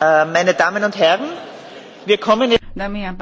Äh, meine damen und herren wir kommen jetzt